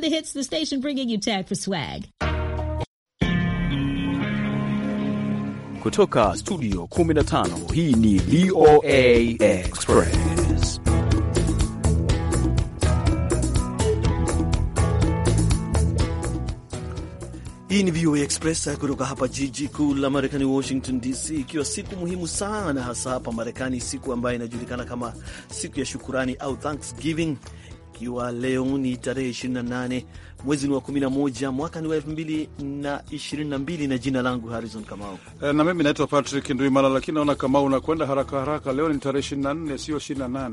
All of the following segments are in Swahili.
The hits, the station bringing you tag for swag. Kutoka studio 15 hii ni VOA Express. Hii ni VOA Express eh, kutoka hapa jiji kuu la Marekani, Washington DC, ikiwa siku muhimu sana hasa hapa Marekani, siku ambayo inajulikana kama siku ya shukurani au Thanksgiving ikiwa leo ni tarehe 28 mwezi ni wa 11 mwaka ni wa 2022, na jina langu Harrison Kamau eh, na mimi naitwa Patrick Nduimana. Lakini naona Kamau unakwenda haraka haraka, leo ni tarehe 24 sio 28.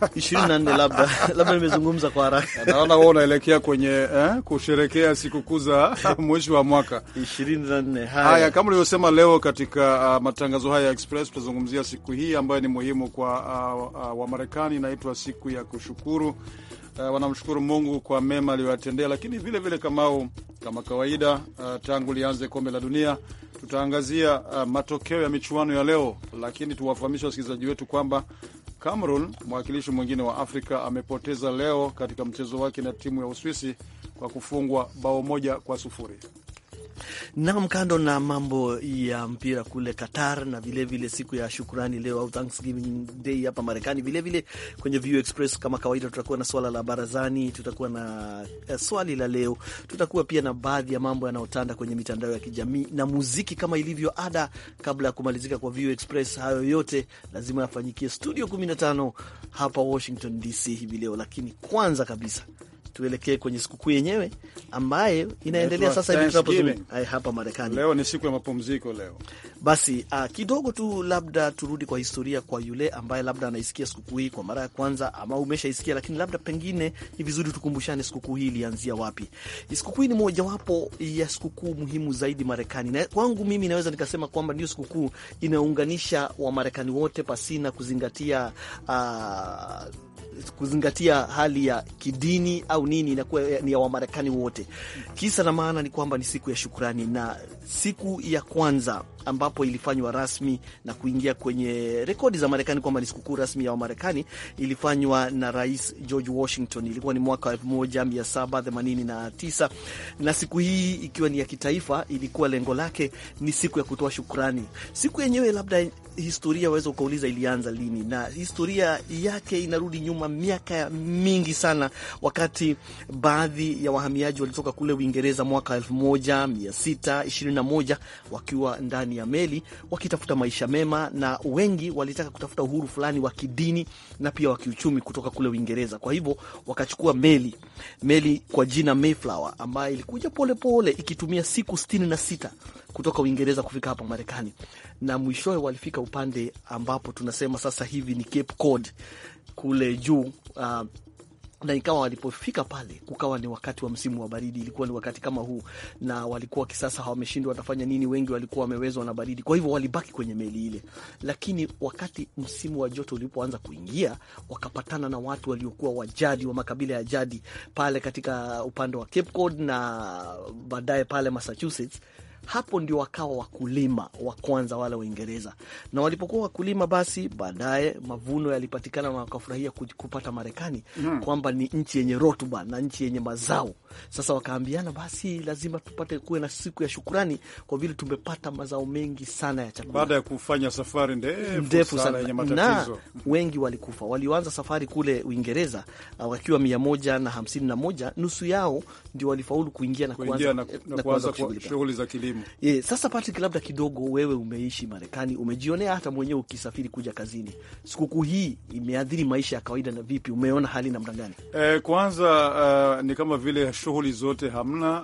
24 labda labda nimezungumza kwa haraka. Naona wewe unaelekea kwenye eh, kusherekea sikukuu za mwisho wa mwaka 24. Haya, kama ulivyosema, leo katika uh, matangazo haya ya Express tutazungumzia siku hii ambayo ni muhimu kwa uh, uh, Wamarekani, inaitwa siku ya kushukuru. Uh, wanamshukuru Mungu kwa mema aliyowatendea, lakini vile vile kamao, kama kawaida uh, tangu lianze kombe la dunia tutaangazia uh, matokeo ya michuano ya leo, lakini tuwafahamishe wasikilizaji wetu kwamba Cameroon, mwakilishi mwingine wa Afrika, amepoteza leo katika mchezo wake na timu ya Uswisi kwa kufungwa bao moja kwa sufuri. Naam, kando na mambo ya mpira kule Qatar na vilevile vile siku ya shukurani leo au Thanksgiving Day hapa Marekani, vilevile kwenye View Express kama kawaida, tutakuwa na swala la barazani, tutakuwa na eh, swali la leo, tutakuwa pia na baadhi ya mambo yanayotanda kwenye mitandao ya kijamii na muziki kama ilivyo ada. Kabla ya kumalizika kwa View Express, hayo yote lazima yafanyikie studio 15 hapa Washington DC hivi leo, lakini kwanza kabisa tuelekee kwenye sikukuu yenyewe ambaye inaendelea sasa hivi hapa Marekani. Leo ni siku ya mapumziko leo. Basi uh, kidogo tu labda turudi kwa historia, kwa yule ambaye labda anaisikia sikukuu hii kwa mara ya kwanza ama umeshaisikia, lakini labda pengine ni vizuri tukumbushane sikukuu hii ilianzia wapi. Sikukuu hii ni mojawapo ya sikukuu muhimu zaidi Marekani, na kwangu mimi naweza nikasema kwamba ndio sikukuu inaunganisha Wamarekani wote pasina kuzingatia uh, kuzingatia hali ya kidini au nini, inakuwa ni ya Wamarekani wote. Kisa na maana ni kwamba ni siku ya shukurani na siku ya kwanza ambapo ilifanywa rasmi na kuingia kwenye rekodi za Marekani kwamba ni sikukuu rasmi ya Wamarekani. Ilifanywa na Rais George Washington, ilikuwa ni mwaka wa 1789 na siku hii ikiwa ni ya kitaifa, ilikuwa lengo lake ni siku ya kutoa shukrani. Siku yenyewe labda historia waweza ukauliza ilianza lini, na historia yake inarudi nyuma miaka mingi sana, wakati baadhi ya wahamiaji walitoka kule Uingereza mwaka 1621 wakiwa ndani ya meli wakitafuta maisha mema, na wengi walitaka kutafuta uhuru fulani wa kidini na pia wa kiuchumi kutoka kule Uingereza. Kwa hivyo wakachukua meli meli kwa jina Mayflower ambayo ilikuja polepole pole, ikitumia siku sitini na sita kutoka Uingereza kufika hapa Marekani, na mwishowe walifika upande ambapo tunasema sasa hivi ni Cape Cod kule juu uh, na ikawa walipofika pale kukawa ni wakati wa msimu wa baridi, ilikuwa ni wakati kama huu, na walikuwa kisasa hawameshindwa watafanya nini, wengi walikuwa wamewezwa na baridi, kwa hivyo walibaki kwenye meli ile. Lakini wakati msimu wa joto ulipoanza kuingia, wakapatana na watu waliokuwa wajadi wa makabila ya jadi pale katika upande wa Cape Cod na baadaye pale Massachusetts hapo ndio wakawa wakulima wa kwanza wale Waingereza, na walipokuwa wakulima, basi baadaye mavuno yalipatikana na wakafurahia kupata Marekani mm, kwamba ni nchi yenye rutuba na nchi yenye mazao. Sasa wakaambiana, basi lazima tupate kuwe na siku ya shukurani kwa vile tumepata mazao mengi sana ya chakula baada ya kufanya safari ndefu sana yenye matatizo. Wengi walikufa, walioanza safari kule Uingereza uh, wakiwa mia moja na hamsini na moja, nusu yao ndio walifaulu kuingia na kuanza shughuli za kilimo muhimu. Yeah, sasa Patrick, labda kidogo, wewe umeishi Marekani, umejionea hata mwenyewe ukisafiri kuja kazini, sikukuu hii imeathiri maisha ya kawaida na vipi? Umeona hali namna gani? Eh, kwanza uh, ni kama vile shughuli zote hamna.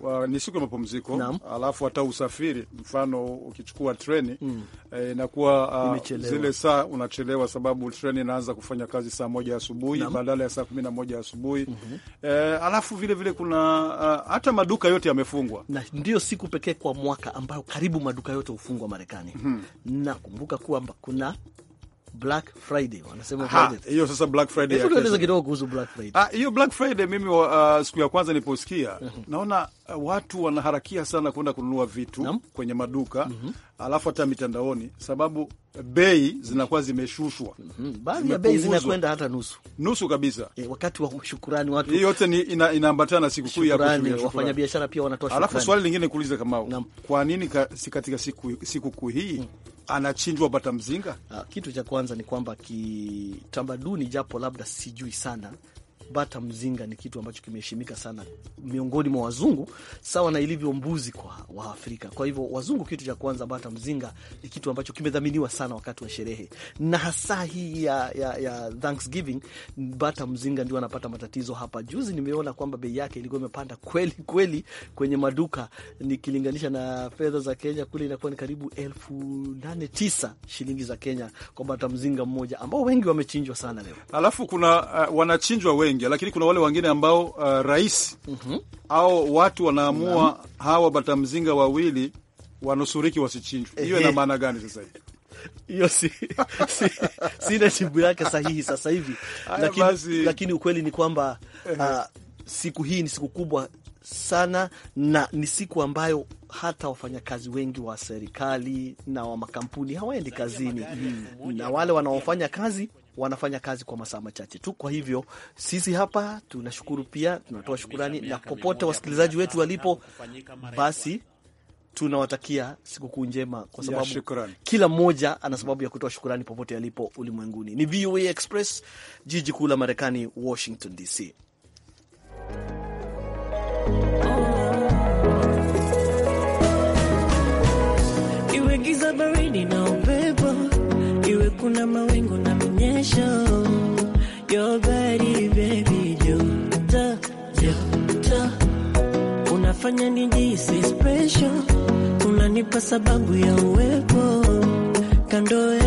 Uh, uh, ni siku ya mapumziko Alafu hata usafiri, mfano ukichukua treni mm. eh, inakuwa uh, zile saa unachelewa, sababu treni inaanza kufanya kazi saa moja asubuhi badala ya saa kumi na moja asubuhi mm -hmm. eh, alafu vilevile vile kuna uh, hata maduka yote yamefungwa, na ndio siku pekee kwa mwaka ambayo karibu maduka yote hufungwa Marekani. Mm -hmm. Nakumbuka kwamba kuna Black Friday wanasema Friday. Hiyo sasa Black Friday. Hebu tueleze kidogo kuhusu Black Friday. Ah, hiyo Black Friday mimi uh, siku ya kwanza niliposikia mhm. naona uh, watu wanaharakia sana kwenda kununua vitu Nam? kwenye maduka mhm. alafu hata mitandaoni sababu bei zinakuwa zimeshushwa. Mhm. Baadhi ya bei zinakwenda hata nusu. Nusu kabisa. E, wakati wa watu. yote ni ina, inaambatana na siku ya Wafanyabiashara pia wanatoa shukrani. Alafu swali lingine kuuliza kama kwa nini ka, si katika siku hii mm anachinjwa bata mzinga. Ah, kitu cha kwanza ni kwamba kitamaduni, japo labda sijui sana bata mzinga ni kitu ambacho kimeheshimika sana miongoni mwa wazungu sawa na ilivyo mbuzi kwa Waafrika. Kwa hivyo wazungu, kitu cha kwanza, bata mzinga ni kitu ambacho kimedhaminiwa sana wakati wa sherehe, na hasa hii ya, ya, ya Thanksgiving, bata mzinga ndio anapata matatizo hapa. Juzi nimeona kwamba bei yake ilikuwa imepanda kweli kweli kwenye maduka, nikilinganisha na fedha za Kenya kule inakuwa ni karibu elfu nane tisa shilingi za Kenya kwa bata mzinga mmoja, ambao wengi wamechinjwa sana leo. Alafu kuna uh, wanachinjwa wengi kuingia, lakini kuna wale wengine ambao uh, rais mm -hmm. au watu wanaamua mm -hmm. hawa batamzinga wawili wanusuriki wasichinjwe, hiyo ina maana gani sasa hivi? hiyo si, si, sina jibu yake sahihi sasa hivi, lakini, lakini ukweli ni kwamba uh, siku hii ni siku kubwa sana na ni siku ambayo hata wafanyakazi wengi wa serikali na wa makampuni hawaendi kazini, hmm. na wale wanaofanya kazi wanafanya kazi kwa masaa machache tu. Kwa hivyo sisi hapa tunashukuru pia, tunatoa shukurani na popote wasikilizaji wetu walipo, basi tunawatakia sikukuu njema, kwa sababu kila mmoja ana sababu ya kutoa shukurani popote alipo ulimwenguni. Ni VOA Express, jiji kuu la Marekani, Washington DC. Iwe giza baridi na upepo, iwe kuna mawingu kwa sababu ya uwepo kando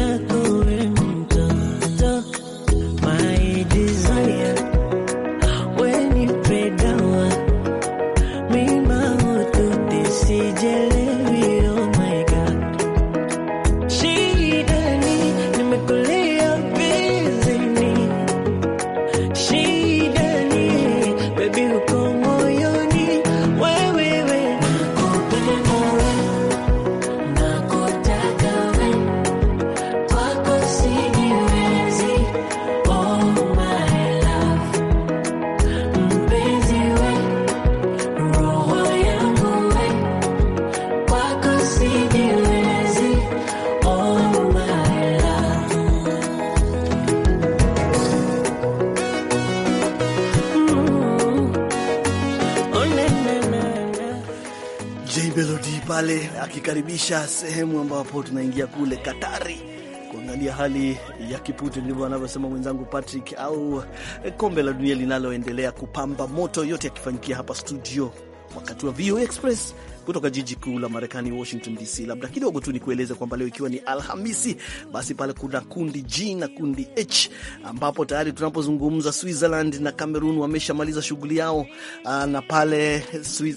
tukikaribisha sehemu ambapo tunaingia kule Katari kuangalia hali ya kiputi, ndivyo anavyosema mwenzangu Patrick, au kombe la dunia linaloendelea kupamba moto, yote yakifanyikia hapa studio wakati wa VOA Express kutoka jiji kuu la Marekani, Washington DC. Labda kidogo tu nikueleze kwamba leo ikiwa ni Alhamisi, basi pale kuna kundi G na kundi H, ambapo tayari tunapozungumza Switzerland na Cameroon wameshamaliza shughuli yao, ah, na pale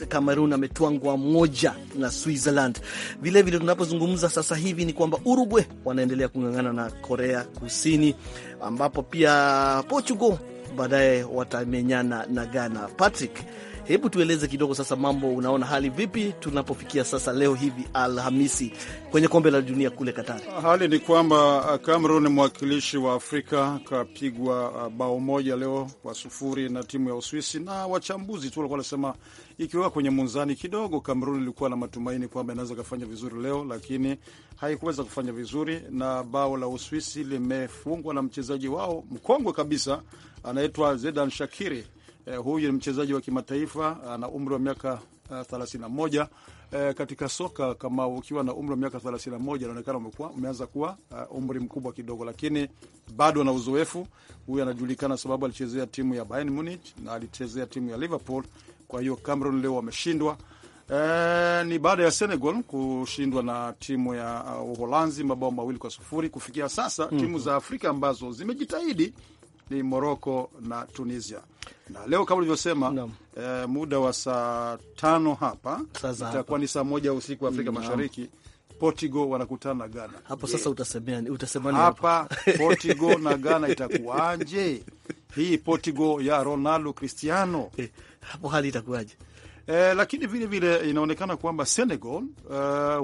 Cameroon ametwangwa moja na Switzerland. Vilevile tunapozungumza sasa hivi ni kwamba Uruguay wanaendelea kung'ang'ana na Korea Kusini, ambapo pia Portugal baadaye watamenyana na Ghana. Patrick Hebu tueleze kidogo sasa, mambo unaona hali vipi tunapofikia sasa leo hivi Alhamisi kwenye kombe la dunia kule Katari? Ah, hali ni kwamba ah, Cameroon, mwakilishi wa Afrika, kapigwa ah, bao moja leo kwa sufuri na timu ya Uswisi, na wachambuzi tu walikuwa wanasema ikiweka kwenye munzani kidogo, Cameroon ilikuwa na matumaini kwamba inaweza kufanya vizuri leo, lakini haikuweza kufanya vizuri, na bao la Uswisi limefungwa na mchezaji wao mkongwe kabisa anaitwa Zedan Shakiri Eh, huyu ni mchezaji wa kimataifa, ana umri wa miaka eh, thelathini na moja. Eh, katika soka kama ukiwa na umri wa miaka thelathini na moja inaonekana umekuwa umeanza kuwa uh, umri mkubwa kidogo, lakini bado ana uzoefu huyu. Anajulikana sababu alichezea timu ya Bayern Munich na alichezea timu ya Liverpool. Kwa hiyo Cameroon leo wameshindwa. Eh, ni baada ya Senegal kushindwa na timu ya uh, Uholanzi uh, mabao mawili kwa sufuri. Kufikia sasa mm -hmm. timu za Afrika ambazo zimejitahidi ni Moroko na Tunisia. Na leo kama ulivyosema no. Eh, muda wa saa tano hapa itakuwa ni saa moja usiku wa Afrika no. Mashariki Portugal wanakutana na Ghana hapo sasa, utasemea utasema nini hapa? Portugal na Ghana itakuwaje? Hii Portugal ya Ronaldo Cristiano, eh, hapo hali itakuwaje? Eh, lakini vile vile inaonekana kwamba Senegal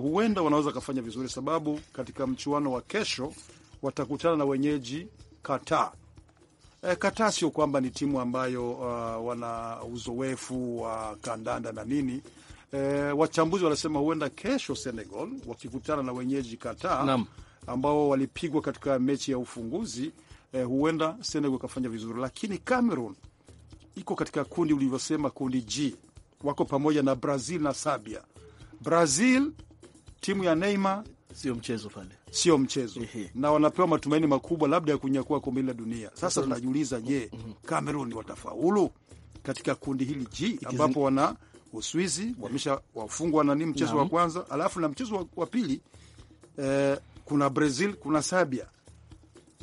uh, huenda wanaweza kufanya vizuri, sababu katika mchuano wa kesho watakutana na wenyeji Qatar eh, Katasio kwamba ni timu ambayo uh, wana uzoefu wa uh, kandanda na nini eh, wachambuzi wanasema huenda kesho Senegal wakikutana na wenyeji Qatar ambao walipigwa katika mechi ya ufunguzi eh, huenda Senegal ikafanya vizuri, lakini Cameroon iko katika kundi ulivyosema, kundi G wako pamoja na Brazil na sabia Brazil timu ya Neymar sio mchezo pale, sio mchezo Ehe. na wanapewa matumaini makubwa labda ya kunyakua kombe la dunia. Sasa tunajiuliza, je, Kamerun mm-hmm. mm-hmm. watafaulu katika kundi hili G ambapo wana Uswizi wamesha wafungwa nani mchezo wa kwanza, alafu na mchezo wa pili eh, kuna Brazil, kuna Serbia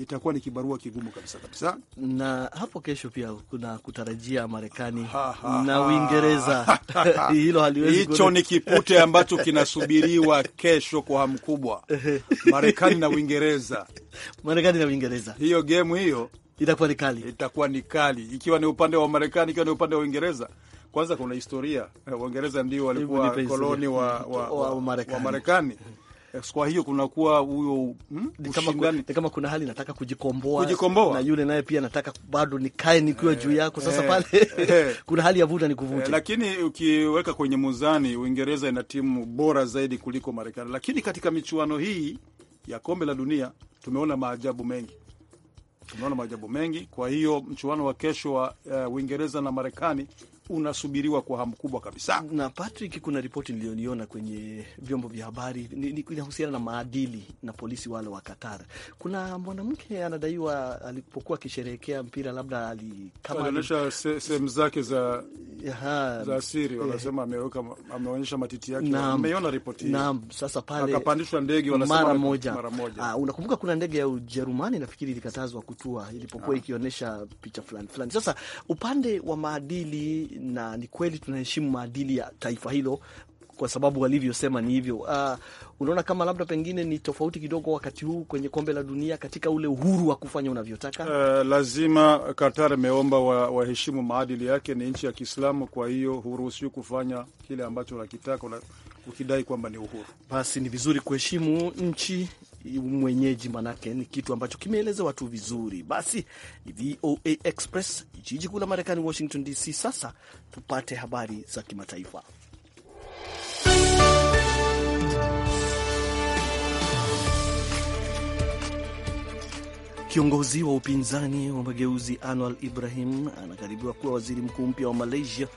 itakuwa ni kibarua kigumu kabisa kabisa. Na hapo kesho pia kuna kutarajia Marekani ha, ha, na Uingereza hilo haliwezi hicho ni kipute ambacho kinasubiriwa kesho kwa hamu kubwa, Marekani na Uingereza. Marekani na Uingereza, hiyo gemu hiyo itakuwa ni kali, itakuwa ni kali, ikiwa ni upande wa Marekani, ikiwa ni upande wa Uingereza. Kwanza kuna historia, eh, Waingereza ndio walikuwa koloni wa, wa, wa, wa Marekani Kwa hiyo kunakuwa huyo hmm, kama kuna hali nataka kujikomboa, kujikomboa. Na yule naye pia nataka bado nikae nikiwa eh, juu yako sasa eh, pale eh. kuna hali ya vuta ni kuvuta, lakini ukiweka kwenye muzani, Uingereza ina timu bora zaidi kuliko Marekani, lakini katika michuano hii ya kombe la dunia tumeona maajabu mengi tumeona maajabu mengi. Kwa hiyo mchuano wa kesho wa uh, Uingereza na Marekani unasubiriwa kwa hamu kubwa kabisa. Na Patrick, kuna ripoti niliyoniona kwenye vyombo vya habari inahusiana na maadili na polisi wale wa Qatar. Kuna mwanamke anadaiwa alipokuwa akisherehekea mpira, labda alionyesha sehemu zake za asiri, wanasema ameweka, ameonyesha matiti yake. Ameiona ripoti hii? Naam. Sasa pale akapandishwa ndege, wanasema mara moja. Ah, unakumbuka kuna ndege ya Ujerumani nafikiri ilikatazwa kutua ilipokuwa ah. ikionyesha picha fulani fulani. Sasa upande wa maadili na ni kweli tunaheshimu maadili ya taifa hilo kwa sababu walivyosema ni hivyo. Uh, unaona kama labda pengine ni tofauti kidogo wakati huu kwenye kombe la dunia katika ule uhuru wa kufanya unavyotaka. Uh, lazima Qatar imeomba waheshimu wa maadili yake, ni nchi ya Kiislamu, kwa hiyo huruhusiwi kufanya kile ambacho unakitaka ukidai kwamba ni uhuru. Basi ni vizuri kuheshimu nchi mwenyeji, manake ni kitu ambacho kimeelezewa tu vizuri. Basi VOA Express, jiji kuu la Marekani, Washington DC. Sasa tupate habari za kimataifa. Kiongozi wa upinzani wa mageuzi Anwar Ibrahim anakaribiwa kuwa waziri mkuu mpya wa Malaysia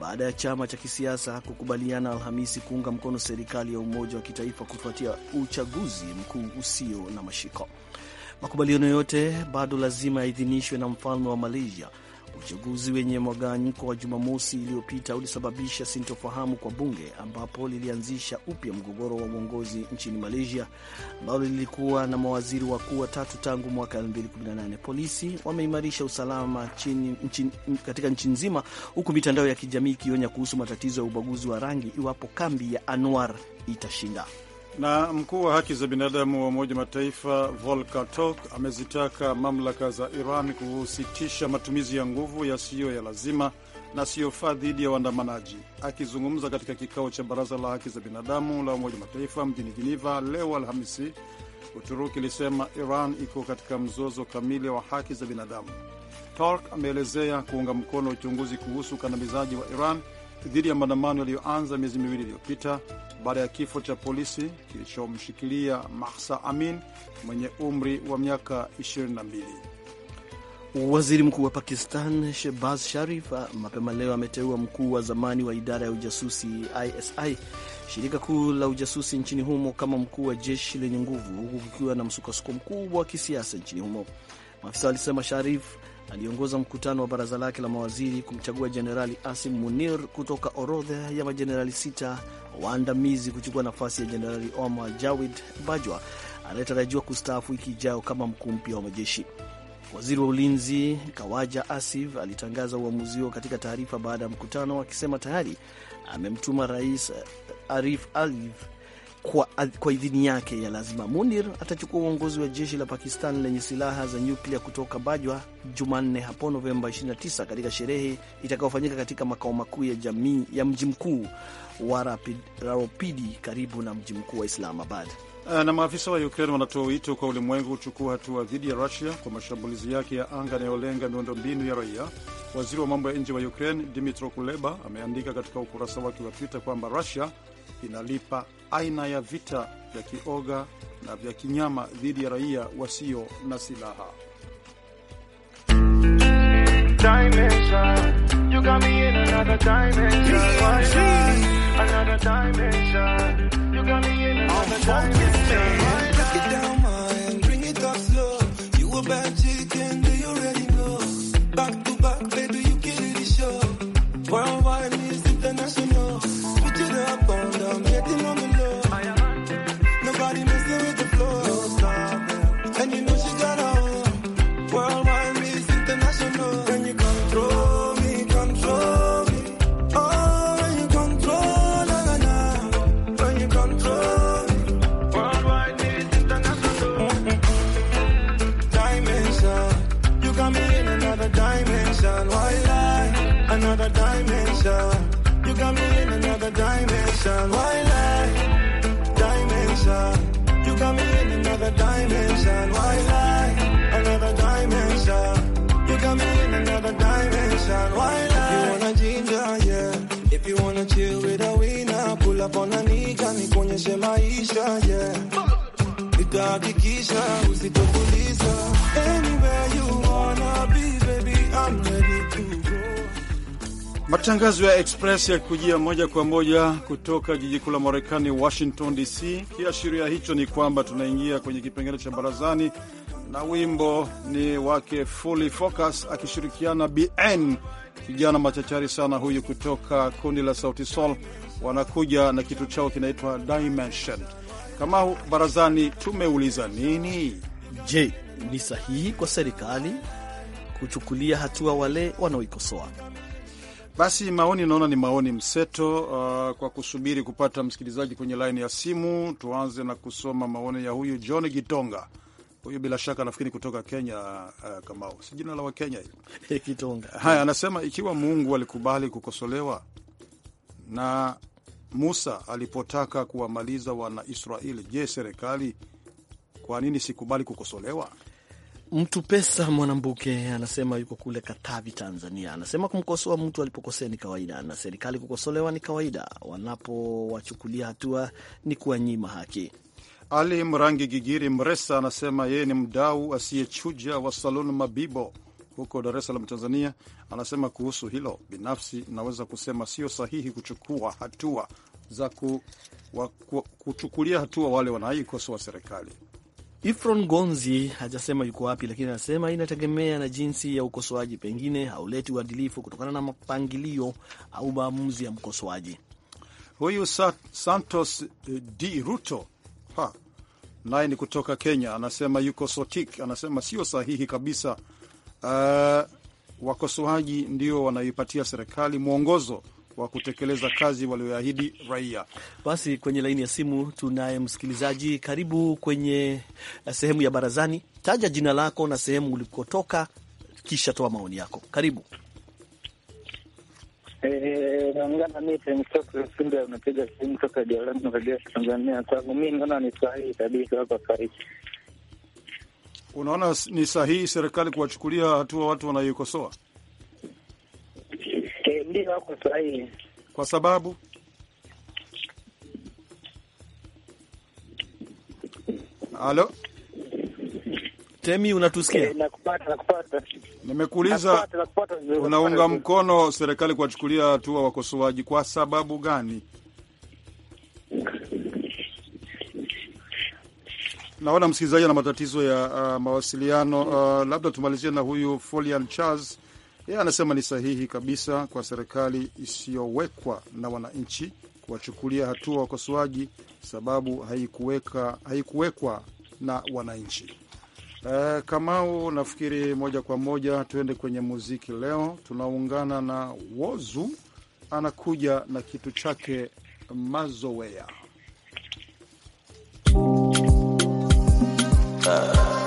baada ya chama cha kisiasa kukubaliana Alhamisi kuunga mkono serikali ya umoja wa kitaifa kufuatia uchaguzi mkuu usio na mashiko. Makubaliano yote bado lazima yaidhinishwe na mfalme wa Malaysia Uchaguzi wenye mwagawanyiko wa Jumamosi iliyopita ulisababisha sintofahamu kwa bunge ambapo lilianzisha upya mgogoro wa uongozi nchini Malaysia ambalo lilikuwa na mawaziri wakuu watatu tangu mwaka 2018. Polisi wameimarisha usalama chini, nchini, katika nchi nzima huku mitandao ya kijamii ikionya kuhusu matatizo ya ubaguzi wa rangi iwapo kambi ya Anwar itashinda. Na mkuu wa haki za binadamu wa Umoja Mataifa Volker Turk amezitaka mamlaka za Iran kusitisha matumizi ya nguvu yasiyo ya lazima na siyofaa dhidi ya waandamanaji. Akizungumza katika kikao cha Baraza la Haki za Binadamu la Umoja Mataifa mjini Geneva leo Alhamisi, Uturuki ilisema Iran iko katika mzozo kamili wa haki za binadamu. Turk ameelezea kuunga mkono uchunguzi kuhusu ukandamizaji wa Iran dhidi ya maandamano yaliyoanza miezi miwili iliyopita baada ya kifo cha polisi kilichomshikilia Mahsa Amin mwenye umri wa miaka 22. Waziri Mkuu wa Pakistan Shehbaz Sharif mapema leo ameteua mkuu wa zamani wa idara ya ujasusi ISI, shirika kuu la ujasusi nchini humo, kama mkuu wa jeshi lenye nguvu, huku kukiwa na msukosuko mkubwa wa kisiasa nchini humo. Maafisa walisema Sharif aliongoza mkutano wa baraza lake la mawaziri kumchagua Jenerali Asim Munir kutoka orodha ya majenerali sita waandamizi kuchukua nafasi ya Jenerali Omar Jawid Bajwa anayetarajiwa kustaafu wiki ijayo kama mkuu mpya wa majeshi. Waziri wa ulinzi Kawaja Asif alitangaza uamuzi huo katika taarifa baada ya mkutano, akisema tayari amemtuma Rais Arif Alif kwa, kwa idhini yake ya lazima. Munir atachukua uongozi wa jeshi la Pakistan lenye silaha za nyuklia kutoka Bajwa Jumanne hapo Novemba 29 katika sherehe itakayofanyika katika makao makuu ya jamii ya mji mkuu wa Rawalpindi karibu na mji mkuu wa Islamabad. Uh, na maafisa wa Ukraine wanatoa wito kwa ulimwengu kuchukua hatua dhidi ya Rusia kwa mashambulizi yake ya anga yanayolenga miundombinu ya raia. Waziri wa mambo ya nje wa Ukraine Dmytro Kuleba ameandika katika ukurasa wake wa Twitter kwamba Rusia inalipa aina ya vita vya kioga na vya kinyama dhidi ya raia wasio na silaha. Dimension, you got Break it down, Bring it up slow. You a bad chicken. another dimension. You got me in another dimension. Why lie? Dimension. You got me in another dimension. Why lie? Another dimension. You got me in another dimension. Why lie? You wanna ginger, yeah. If you wanna chill with a winner, pull up on a nigga, nikuonyeshe maisha, yeah. Nitahakikisha usitokuliza. Anywhere you wanna be, baby, I'm ready. Matangazo ya Express yakikujia moja kwa moja kutoka jiji kuu la Marekani, Washington DC. Kiashiria hicho ni kwamba tunaingia kwenye kipengele cha barazani, na wimbo ni wake Fully Focus akishirikiana BN, kijana machachari sana huyu kutoka kundi la Sauti Sol. Wanakuja na kitu chao kinaitwa Dimension. Kama barazani tumeuliza nini? Je, ni sahihi kwa serikali kuchukulia hatua wale wanaoikosoa? Basi maoni naona ni maoni mseto. Uh, kwa kusubiri kupata msikilizaji kwenye laini ya simu, tuanze na kusoma maoni ya huyu John Gitonga. Huyu bila shaka nafikiri kutoka Kenya. Uh, Kamau, si jina la Wakenya hili Gitonga. Haya, anasema ikiwa Mungu alikubali kukosolewa na Musa alipotaka kuwamaliza Wanaisraeli, je, serikali kwa nini sikubali kukosolewa? Mtu Pesa Mwanambuke anasema yuko kule Katavi, Tanzania. Anasema kumkosoa mtu alipokosea ni kawaida, na serikali kukosolewa ni kawaida, wanapowachukulia hatua ni kuwanyima haki. Ali Mrangi Gigiri Mresa anasema yeye ni mdau asiyechuja wa Salon Mabibo huko Dar es Salaam, Tanzania. Anasema kuhusu hilo, binafsi naweza kusema sio sahihi kuchukua hatua za ku, wa, ku, kuchukulia hatua wale wanaikosoa serikali. Ifron Gonzi hajasema yuko wapi, lakini anasema inategemea na jinsi ya ukosoaji, pengine hauleti uadilifu kutokana na mapangilio au maamuzi ya mkosoaji. Huyu sa Santos eh, D Ruto ha naye ni kutoka Kenya, anasema yuko sotik, anasema sio sahihi kabisa. Uh, wakosoaji ndio wanaipatia serikali mwongozo wa kutekeleza kazi walioahidi raia. Basi kwenye laini ya simu tunaye msikilizaji. Karibu kwenye eh, sehemu ya barazani. Taja jina lako na sehemu ulikotoka, kisha toa maoni yako. Karibu. Eh, Naungana Tanzania. Kwangu naona ni sahihi kabisa hapa Unaona ni sahihi serikali kuwachukulia hatua watu wanaikosoa ndio wako sahihi, kwa sababu halo Temi, unatusikia? Eh, nakupata, nakupata. Nimekuuliza, unaunga mkono serikali kuwachukulia hatua wakosoaji kwa sababu gani? Naona msikilizaji ana matatizo ya uh, mawasiliano uh, labda tumalizie na huyu Folian Charles yeye anasema ni sahihi kabisa kwa serikali isiyowekwa na wananchi kuwachukulia hatua wakosoaji, sababu haikuweka haikuwekwa na wananchi. E, Kamau, nafikiri moja kwa moja tuende kwenye muziki. Leo tunaungana na Wozu, anakuja na kitu chake mazoea uh.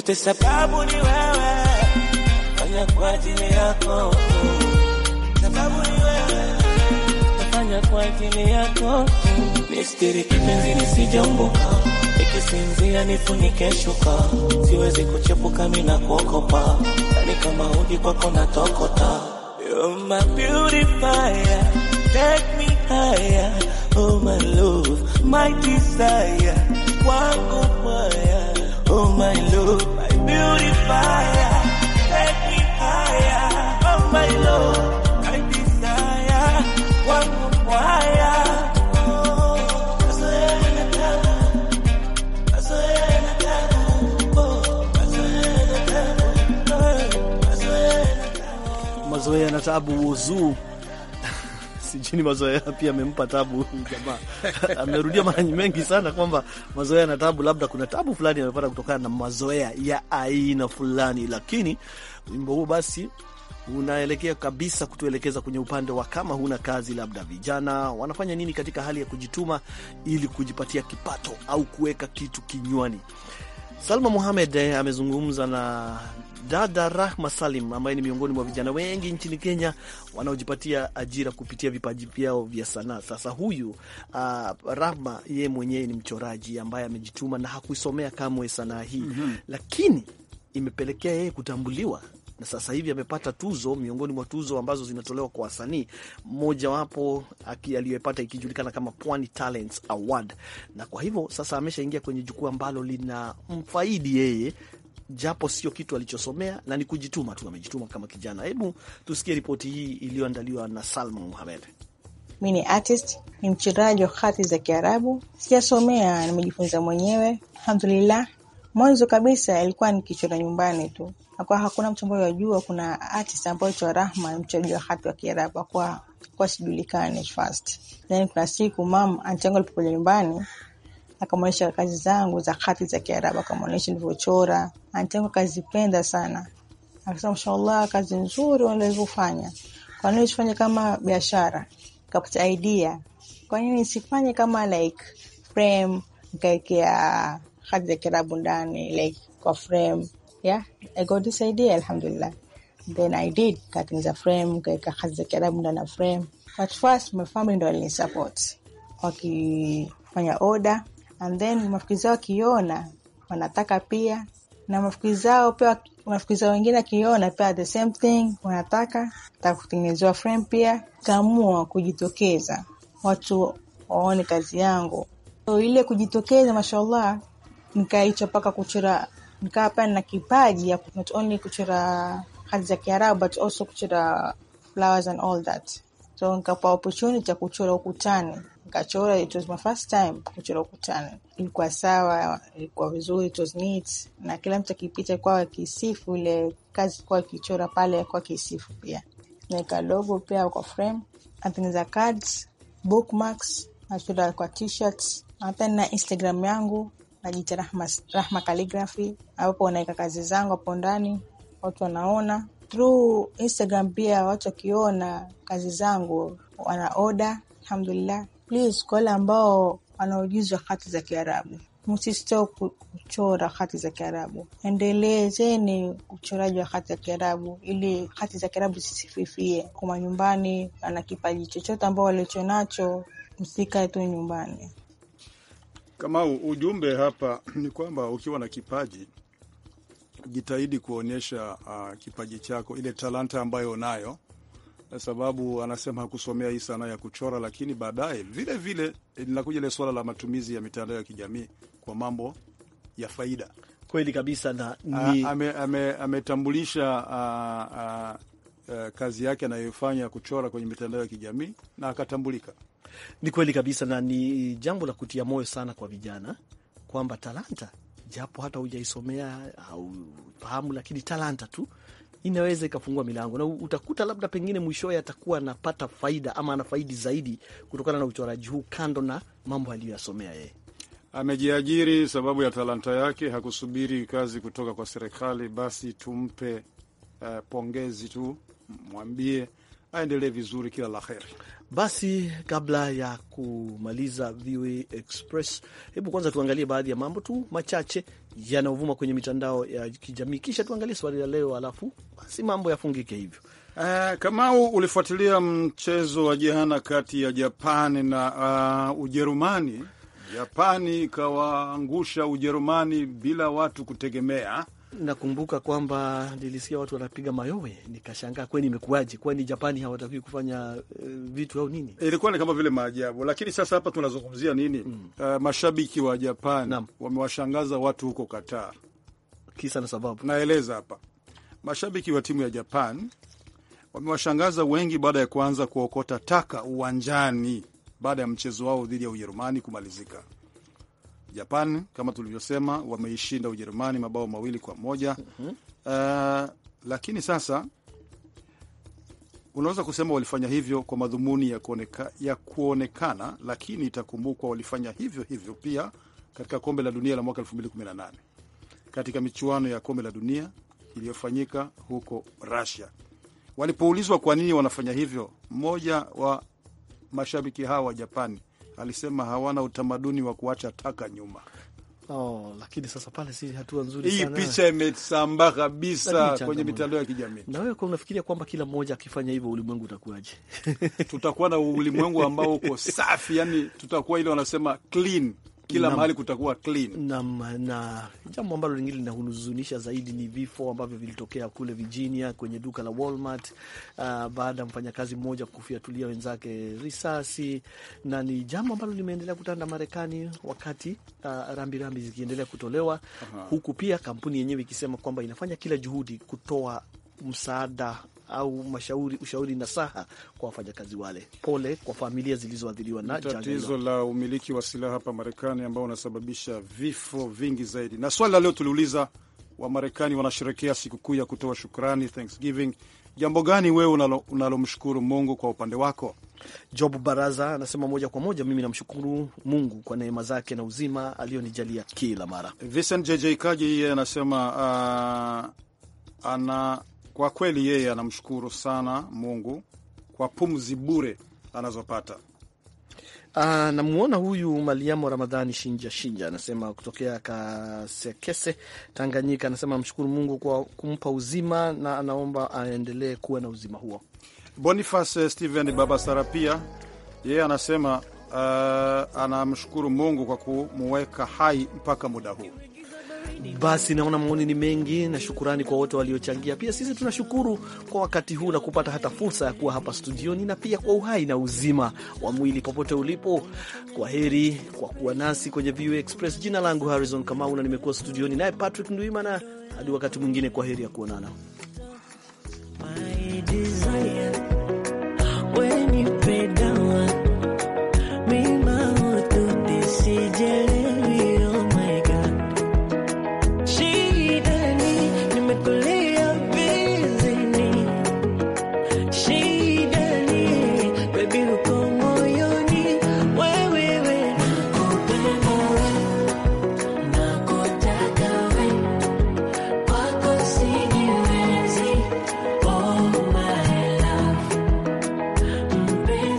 yote sababu ni wewe, fanya kwa ajili yako, sababu ni wewe, fanya kwa ajili yako. Nistiri kipenzi nisijaumbuka, ikisinzia nifunike shuka, siwezi kuchepuka mimi na kuokopa, yani kama uji kwako natokota. You're my beautifier, take me higher, oh my love, my desire, wangu mwaya Oh, Mazoea na taabu wuzuu sijini mazoea pia amempa tabu jamaa. Amerudia mara mengi sana kwamba mazoea na tabu, labda kuna tabu fulani amepata kutokana na mazoea ya aina fulani, lakini wimbo huo basi unaelekea kabisa kutuelekeza kwenye upande wa kama huna kazi, labda vijana wanafanya nini katika hali ya kujituma ili kujipatia kipato au kuweka kitu kinywani. Salma muhamed eh, amezungumza na dada Rahma Salim ambaye ni miongoni mwa vijana wengi nchini Kenya wanaojipatia ajira kupitia vipaji vyao vya sanaa. Sasa huyu uh, Rahma yeye mwenyewe ni mchoraji ambaye amejituma na hakuisomea kamwe sanaa hii mm -hmm. lakini imepelekea yeye kutambuliwa na sasa hivi amepata tuzo miongoni mwa tuzo ambazo zinatolewa kwa wasanii, mmojawapo aliyepata ikijulikana kama Pwani Talents Award, na kwa hivyo sasa ameshaingia kwenye jukwaa ambalo lina mfaidi yeye japo sio kitu alichosomea na ni kujituma tu, amejituma kama kijana. Hebu tusikie ripoti hii iliyoandaliwa na Salma Muhamed. Mi ni artist, ni mchoraji wa hati za Kiarabu. Sijasomea, nimejifunza mwenyewe, alhamdulillah. Mwanzo kabisa ilikuwa nikichora nyumbani tu, kwa hakuna mtu ambaye wajua kuna artist ambaye aitwa Rahma wa hati wa Kiarabu kwa kwa sijulikane first. Then kuna siku mama antangu alipokuja nyumbani akamwonyesha kazi zangu za hati za Kiarabu, akamwonyesha nilivyochora. Antangu akazipenda sana, akasema mashallah, kazi nzuri unavyofanya, kwa nini usifanye kama biashara? Kapata idea, kwa nini nisifanye kama like frame, nikaekea hati za Kiarabu ndani like kwa frame yeah I got this idea alhamdulillah then I did katengeneza frame kaweka kazi za Kiarabu ndani ya frame But first my family ndo walinisupport wakifanya order and then marafiki zao wakiona wanataka pia na marafiki zao pia marafiki zao wengine akiona pia the same thing wanataka taka kutengenezewa frame pia kaamua kujitokeza watu waone kazi yangu so ile kujitokeza mashallah nikaichapaka kuchora, nikawa pia na kipaji ya not only kuchora hati za Kiarabu but also kuchora flowers and all that, so nikapa opportunity ya kuchora ukutani nikachora. It was my first time kuchora ukutani, ilikuwa sawa, ilikuwa vizuri, it was neat, na kila mtu akipita kwa wakisifu ile kazi kwa kichora pale kwa kisifu pia naweka logo pia kwa frame, natengeneza cards, bookmarks, nachora kwa t-shirts hata na Instagram yangu najiita Rahma, Rahma Calligraphy ambapo naweka kazi zangu hapo ndani, watu wanaona through Instagram pia. Watu wakiona kazi zangu wana oda alhamdulillah. Please, kwa wale ambao wana ujuzi wa hati za Kiarabu msisto kuchora hati za Kiarabu, endelezeni uchoraji wa hati za Kiarabu ili hati za Kiarabu zisififie. Kwa manyumbani ana kipaji chochote ambao walicho nacho, msikae tu nyumbani kama ujumbe hapa ni kwamba ukiwa na kipaji jitahidi kuonyesha uh, kipaji chako, ile talanta ambayo unayo, kwa sababu anasema hakusomea hii sanaa ya kuchora, lakini baadaye vile vile eh, linakuja ile suala la matumizi ya mitandao ya kijamii kwa mambo ya faida. Kweli kabisa, na ni... ametambulisha ame, ame uh, uh, uh, kazi yake anayofanya kuchora kwenye mitandao ya kijamii na akatambulika. Ni kweli kabisa, na ni jambo la kutia moyo sana kwa vijana kwamba talanta, japo hata hujaisomea au fahamu, lakini talanta tu inaweza ikafungua milango na utakuta labda pengine mwishowe atakuwa anapata faida ama ana faidi zaidi kutokana na uchoraji huu, kando na mambo aliyoyasomea yeye. Amejiajiri sababu ya talanta yake, hakusubiri kazi kutoka kwa serikali. Basi tumpe uh, pongezi tu, mwambie aendelee vizuri, kila la heri. Basi kabla ya kumaliza VOA Express, hebu kwanza tuangalie baadhi ya mambo tu machache yanayovuma kwenye mitandao ya kijamii, kisha tuangalie swali la leo, alafu basi mambo yafungike hivyo. Uh, Kamau, ulifuatilia mchezo wa jana kati ya Japani na uh, Ujerumani. Japani ikawaangusha Ujerumani bila watu kutegemea Nakumbuka kwamba nilisikia watu wanapiga mayowe, nikashangaa, kweni imekuwaje? Kwani Japani hawatakii kufanya uh, vitu au nini? Ilikuwa ni kama vile maajabu. Lakini sasa hapa tunazungumzia nini? mm. Uh, mashabiki wa Japan wamewashangaza watu huko katar Kisa na sababu naeleza hapa. Mashabiki wa timu ya Japan wamewashangaza wengi baada ya kuanza kuokota taka uwanjani baada ya mchezo wao dhidi ya Ujerumani kumalizika. Japan kama tulivyosema, wameishinda Ujerumani mabao mawili kwa moja. Uh, lakini sasa unaweza kusema walifanya hivyo kwa madhumuni ya, kuoneka, ya kuonekana, lakini itakumbukwa walifanya hivyo hivyo pia katika kombe la dunia la mwaka 2018 katika michuano ya kombe la dunia iliyofanyika huko Russia. Walipoulizwa kwa nini wanafanya hivyo, mmoja wa mashabiki hawa wa Japani alisema hawana utamaduni wa kuacha taka nyuma. Oh, lakini sasa pale si hatua nzuri sana. Hii picha imesambaa kabisa kwenye mitandao ya kijamii. Na wewe kwa unafikiria kwamba kila mmoja akifanya hivyo ulimwengu utakuwaje? tutakuwa na ulimwengu ambao uko safi, yani tutakuwa ile wanasema clean kila na, mahali kutakuwa clean na, na jambo ambalo lingine linahuzunisha zaidi ni vifo ambavyo vilitokea kule Virginia kwenye duka la Walmart uh, baada ya mfanyakazi mmoja kufiatulia wenzake risasi, na ni jambo ambalo limeendelea kutanda Marekani wakati uh, rambirambi zikiendelea kutolewa -huh. huku pia kampuni yenyewe ikisema kwamba inafanya kila juhudi kutoa msaada au mashauri, ushauri na saha kwa wafanyakazi wale. Pole kwa familia zilizoathiriwa na tatizo la umiliki wa silaha hapa Marekani, ambao unasababisha vifo vingi zaidi. Na swali la leo tuliuliza, Wamarekani wanasherekea sikukuu ya kutoa shukrani, Thanksgiving. Jambo gani wewe unalomshukuru unalo Mungu kwa upande wako? Job Baraza anasema moja kwa moja, mimi namshukuru Mungu kwa neema zake na uzima aliyonijalia kila mara. Vincent JJ Kaji yeye anasema uh, ana kwa kweli yeye anamshukuru sana Mungu kwa pumzi bure anazopata. Ah, namwona huyu Maliamo Ramadhani Shinja Shinja anasema kutokea Kasekese, Tanganyika, anasema amshukuru Mungu kwa kumpa uzima na anaomba aendelee kuwa na uzima huo. Boniface Steven Baba pia yeye anasema uh, anamshukuru Mungu kwa kumuweka hai mpaka muda huu. Basi naona maoni ni mengi, na shukurani kwa wote waliochangia. Pia sisi tunashukuru kwa wakati huu na kupata hata fursa ya kuwa hapa studioni, na pia kwa uhai na uzima wa mwili popote ulipo. Kwa heri kwa kuwa nasi kwenye VOA Express. Jina langu Harrison Kamau na nimekuwa studioni naye Patrick Ndwimana. Hadi wakati mwingine, kwa heri ya kuonana.